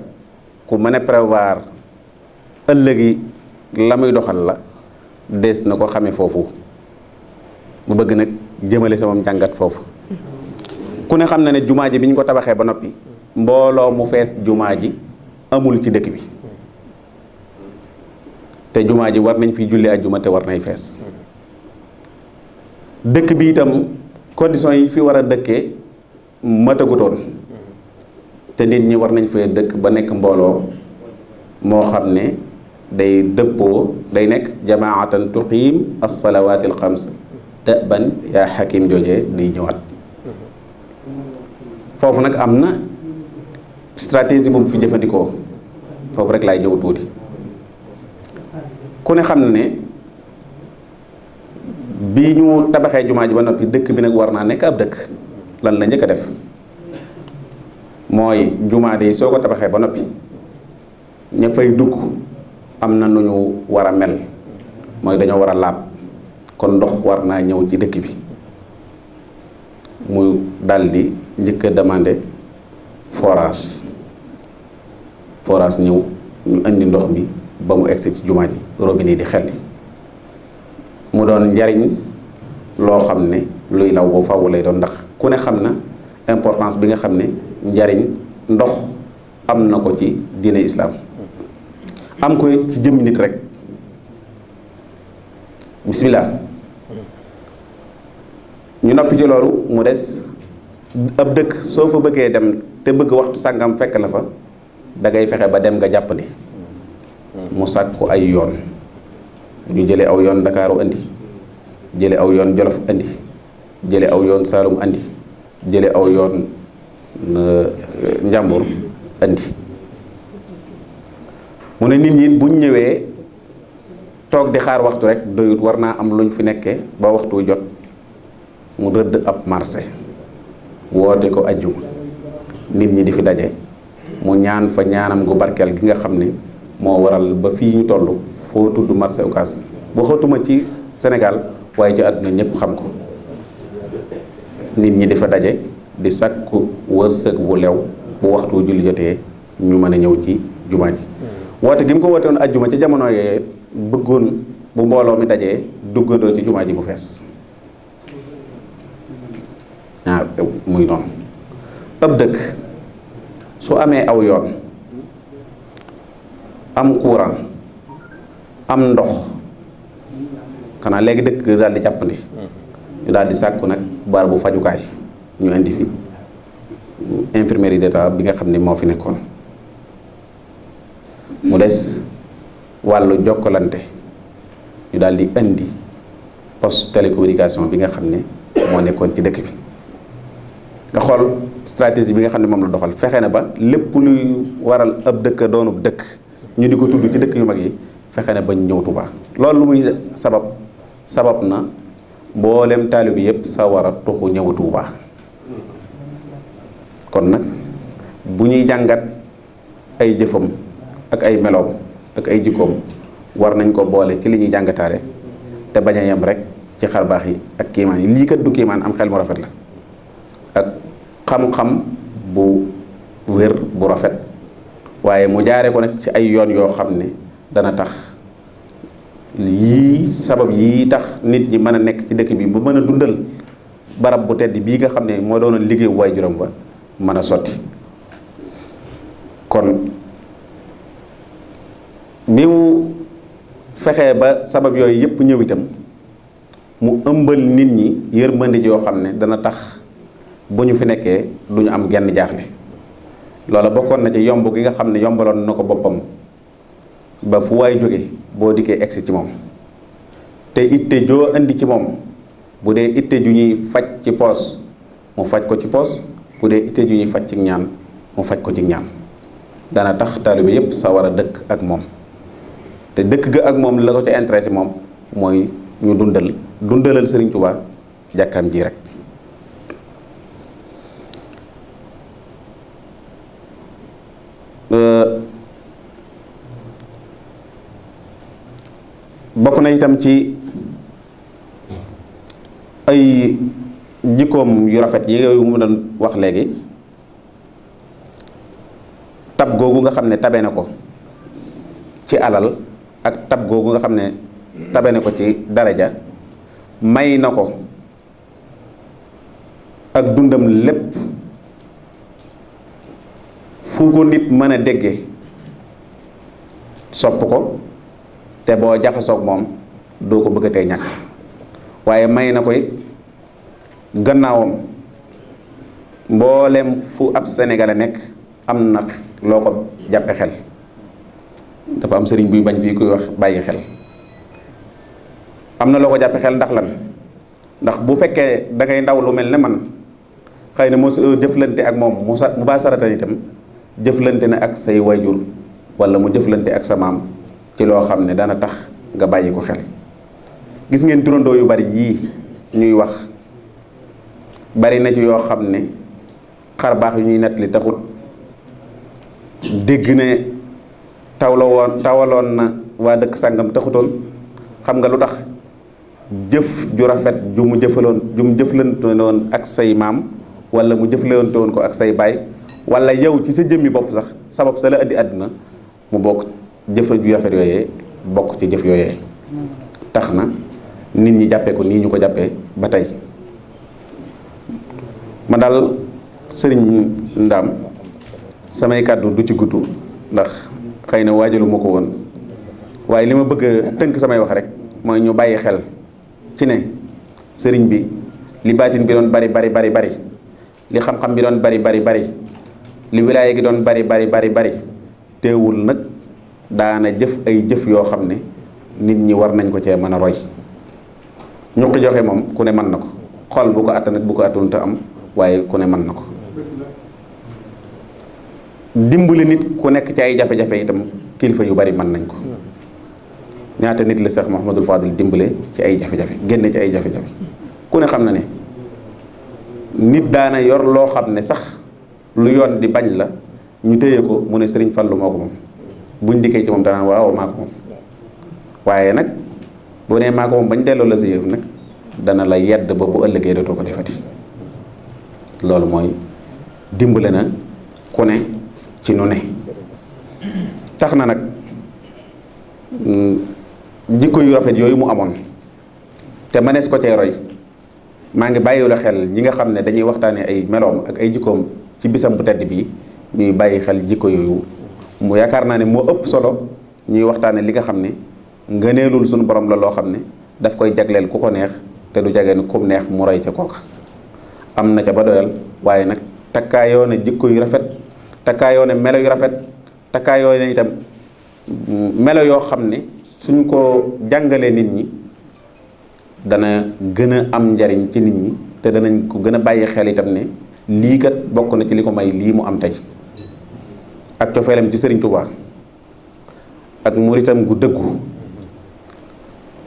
ku mën a prévoir ëllëgi la muy doxal la des na ko xamee foofu mu bëgg nag jëmale sama jàngat foofu ku ne xam na ne jumaa ji bi ñu ko tabaxee ba noppi mbooloo mu fees jumaa ji amul ci dëkk bi te jumaa ji war nañ fi julli ajjuma te war nay fees dëkk bi itam condition yi fi war a dëkkee matagutoon te nit ñi war nañ fee dëkk ba nekk mbooloo moo xam ne day dëppoo day nekk jamaatan tuqiim as-salawaati al te ban yaa xakim jooje di ñëwaat foofu nag am na stratégie boobu fi jëfandikoo foofu rek laay jëw tuuti ku ne xam ne bii ñu tabaxee jumaa ji ba noppi dëkk bi nag war naa nekk ab dëkk lan la njëkk def mooy jumaa de soo ko tabaxee ba noppi ña fay dugg am na nu ñu war a mel mooy dañoo war a laab kon ndox war naa ñëw ci dëkk bi mu daldi njëkk demande demandé forage forage ñëw ñu indi ndox mi ba mu egsi ci jumaa ji robinet di xel mu doon njariñ loo xam ne luy law ba faaw lay doon ndax ku ne xam na importance bi nga xam ne njariñ ndox am na ko ci diine islaam am ko ci jëmm nit rek bismillah ñu noppi ci mu des ab dëkk soo fa bëggee dem te bëgg waxtu sàngam fekk la fa da ngay fexe ba dem nga jàppandi mu ko ay yoon ñu jële aw yoon ndakaaru andi jële aw yoon jolof andi jële aw yoon saalum andi jële aw yoon euh, njàmbur andi mu ne nit ñi buñ ñëwee toog di xaar waxtu rek doyut war naa am lu luñ fi nekkee ba waxtu jot mu rëdd ab marché woote ko ajjuma nit ñi di fi daje mu ñaan fa ñaanam gu barkeel gi nga xam ni moo waral ba fii ñu toll foo tudd marché Ocass waxatuma ci Sénégal waaye ci àdduna ñëpp xam ko nit ñi dafa daje di sakku wërsëg bu lew bu waxtu julli jotee ñu mën a ñëw ci jumaa ji woote gi mu ko woote woon ajjuma ci jamono yooyee bëggoon bu mbooloo mi dajee duggandoo ci jumaa ji bu fees waaw muy noonu ab dëkk su amee aw yoon am courant am ndox xanaa léegi dëkk daal di jàppandi ñu daal di sàkku nag baar bu fajukaay ñu indi fi infirmerie d'état bi nga xam ni moo fi nekkoon mu des wàllu jokkalante ñu daal di indi poste télécommunication bi nga xam ne moo nekkoon ci dëkk bi nga xool stratégie bi nga xam ne moom la doxal fexe na ba lépp luy waral ab dëkk doonub dëkk ñu di ko tudd ci dëkk yu mag yi fexe na ba ñëw baax loolu lu muy sabab sabab na mboolem taalib bi yëpp sa war a tuxu ñëw baax kon nag bu ñuy jàngat ay jëfam ak ay meloom ak ay jikkoom war nañ ko boole ci li ñuy jàngataale te bañ a yem rek ci xarbaax yi ak kiimaan yi lii kat du kiimaan am xel mu rafet la ak xam-xam bu wér bu rafet waaye mu jaare ko nag ci ay yoon yoo xam ne dana tax yii sabab yii tax nit ñi mën a nekk ci dëkk bi ba mën a dundal barab bu tedd bii nga xam ne moo doon liggéey waay juróom ba mën a sotti kon bi mu fexee ba sabab yooyu yëpp ñëw itam mu ëmbal nit ñi yërmande yoo xam ne dana tax bu ñu fi nekkee du ñu am genn jaaxle loola bokkoon na ci yomb gi nga xam ne yombaloon na ko boppam ba fu waay jóge boo dikkee egsi ci moom te itte joo indi ci moom bu dee itte ju ñuy faj ci poos mu faj ko ci poos bu dee itte ju ñuy faj ci ñaan mu faj ko ci ñaan dana tax taalibe yépp sa war a dëkk ak moom te dëkk ga ak moom la ko ca intéressé moom mooy ñu dundal dundalal Sëriñ Tuubaa jàkkaam jii rek bokk na itam ci ay jikkoom yu rafet yi mu doon wax léegi tab googu nga xam ne tabe na ko ci alal ak tab googu nga xam ne tabe na ko ci daraja may na ko ak dundam lépp fu ko nit mën a dégge sopp ko te boo jaxasoog moom doo ko bëgg a tey ñàkk waaye may na ko gannaawam mboolem fu ab Sénégalais nekk am na loo ko jàppe xel dafa am sëriñ buy bañ fii kuy wax bàyyi xel am na loo ko jàppe xel ndax lan ndax bu fekkee dangay ndaw lu mel ne man xëy na mos jëflante ak moom mu sa mu baa saratan itam jëflante na ak say wayjur wala mu jëflante ak sa maam ci loo xam ne dana tax nga bàyyi ko xel gis ngeen turandoo yu bari yii ñuy wax bari na ci yoo xam ne xar baax yu ñuy nettali taxut dégg ne taw tawaloon na waa dëkk sàngam taxutoon xam nga lu tax jëf ju rafet ju mu jëfaloon ju mu jëflante woon ak say maam wala mu jëflante woon ko ak say baay walla yow ci sa jëmmi bopp sax sabab sa la andi àdduna mu bokk jëfa ju rafet yooyee bokk ci jëf yooyee tax na nit ñi jàppee ko nii ñu ko jàppee ba tey ma daal sëriñ Ndaam samay kàddu du ci gudd ndax xëy na waajalu ma ko woon waaye li ma bëgg tënk samay wax rek mooy ñu bàyyi xel ci ne sëriñ bi li baatin bi doon bari bari bari bari li xam-xam bi doon bari bari bari li wilaaye gi doon bari bari bari bari teewul nag daana jëf ay jëf yoo xam ne nit ñi war nañ ko cee mën a roy ñuqi joxe moom ku ne mën na ko xol bu ko attan ak bu ko attanut am waaye ku ne mën na ko dimbali nit ku nekk ci ay jafe-jafe itam kilifa yu bari mën nañ ko ñaata nit la sax Mouhamadul Fadil dimbale ci ay jafe-jafe génn ci ay jafe-jafe ku ne xam na ne nit daana yor loo xam ne sax lu yoon di bañ la ñu téye ko mu ne Serigne Fallou moo ko moom buñ dikkee ci moom danaan waaw maa moom waaye nag boo nee maa ko moom bañ delloo la sa yëf nag dana la yedd ba bu ëllëgee dootoo ko defati loolu mooy dimbale na ku ne ci nu ne tax na nag mm, jikko yu rafet yooyu mu amoon te mënees ko cee roy maa ngi bàyyi la xel ñi nga xam ne dañuy waxtaanee ay meloom ak ay jikkoom ci bisam bu tedd bii ñuy bàyyi xel jikko yooyu mu yaakaar naa ne moo ëpp solo ñuy waxtaane li nga xam ne ngëneelul suñu borom la loo xam ne daf koy jagleel ku ko neex te du jagee ni kum neex mu roy ca kooka am na ca ba doyal waaye nag takkaayoo ne jikko yu rafet takkaayoo ne melo yu rafet takkaayoo ne itam melo yoo xam ne suñ ko jàngalee nit ñi dana gën a am njariñ ci nit ñi te danañ ko gën a bàyyi xel itam ne lii kat bokk na ci li ko may lii mu am tey ak cofeelam ci sëriñ Touba ak muritam gu dëggu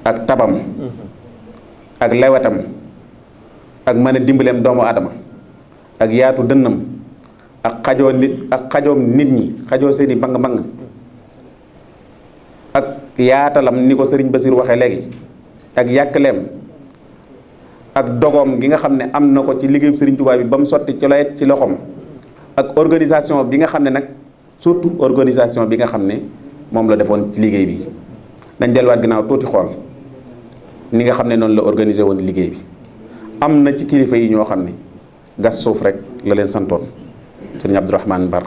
ak tabam ak lawetam ak mën a dimbaleem doomu aadama ak yaatu dënnam ak xajoo nit ak xajoom nit ñi xajoo seeni bang-bang ak yaatalam ni ko sëriñ Basir waxee léegi ak yàkkaleem ak dogoom gi nga xam ne am na ko ci liggéeyu sëriñ Touba bi ba mu sotti ci lay ci loxoom ak organisation bi nga xam ne nag surtout organisation bi nga xam ne moom la defoon ci liggéey bi dañ delluwaat ginnaaw tuuti xool ni nga xam ne noonu la organisé woon liggéey bi am na ci kilifa yi ñoo xam ne gas suuf rek la leen santoon sëñ Abdourahmane Mbar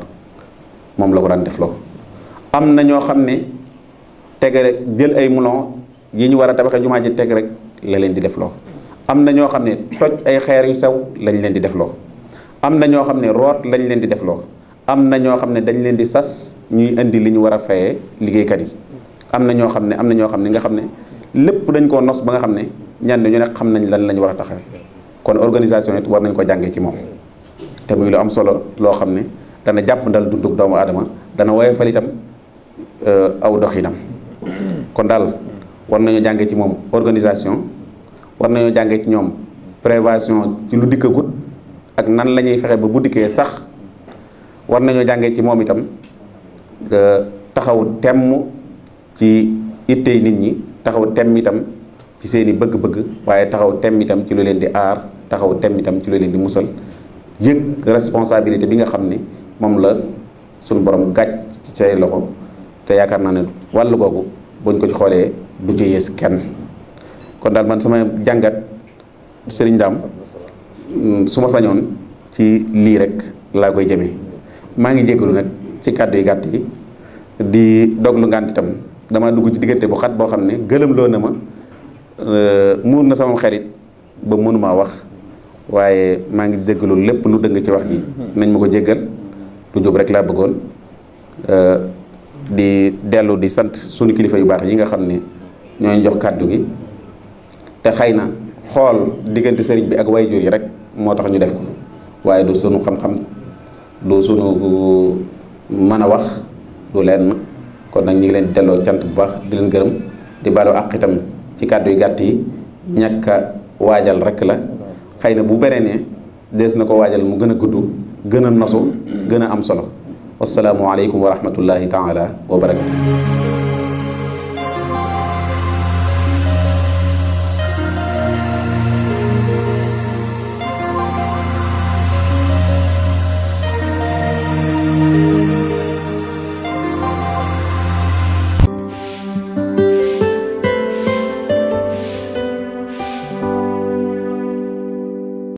moom la ko daan def loo am na ñoo xam ne teg rek jël ay mulon yi ñu war a tabaxee jumaa ji teg rek la leen di def loo am na ñoo xam ne toj ay xeer yu sew lañ leen di def loo am na ñoo xam ne root lañ leen di def loo am na ñoo xam ne dañ leen di sas ñuy indi li ñu war a fayee liggéeykat yi am na ñoo xam ne am na ñoo xam ne nga xam ne lépp dañ koo nos ba nga xam ne ñaan ñu ne xam nañ lan la war a taxawee kon organisation it war nañ ko jàngee ci moom te muy lu am solo loo xam ne dana jàpp ndal dundug doomu aadama dana woyofal itam euh, aw doxinam kon daal war nañoo jàngee ci moom organisation war nañoo jàngee ci ñoom prévention ci lu dikkagut ak nan la fexe ba bu dikkee sax war nañoo jàngee ci moom itam taxaw temm ci tey nit ñi taxaw temm itam ci seeni bëgg-bëgg waaye taxaw temm itam ci lu leen di aar taxaw temm itam ci lu leen di musal yëg responsabilité bi nga xam ni moom la suñu borom gàcc ci say loxo te yaakaar naa ne wàllu kooku booñ ko ci xoolee du ci yées kenn kon daal man sama jàngat sëriñ Daam ma sañoon ci lii rek laa koy jëmee maa ngi jégalu nag ci kàddu yi gàtt yi di doglu ngànt itam dama dugg ci diggante bu xat boo xam ne gëlëm loo na ma euh, muur na sama xarit ba mënumaa wax waaye maa ngi jégalu lépp lu dëng ci wax ji nañ ma ko jéggal lu jub rek laa bëggoon euh, di dellu di sant sunu kilifa yu baax yi nga xam ne ñooñ jox kàddu gi te xëy na xool diggante sëriñ bi ak way jur yi rek moo tax ñu def ko waaye du sunu xam-xam du sunu uh, mën a wax du leen kon nag ñu ngi leen di delloo cant bu baax di leen gërëm di baalu àq itam ci kàddu yu gàtt yi ñàkk a waajal rek la xëy na bu beneenee des na ko waajal mu gën a gudd gën a nosu gën a am solo wasalaamualeykum wa rahmatullahi taala wa barakatu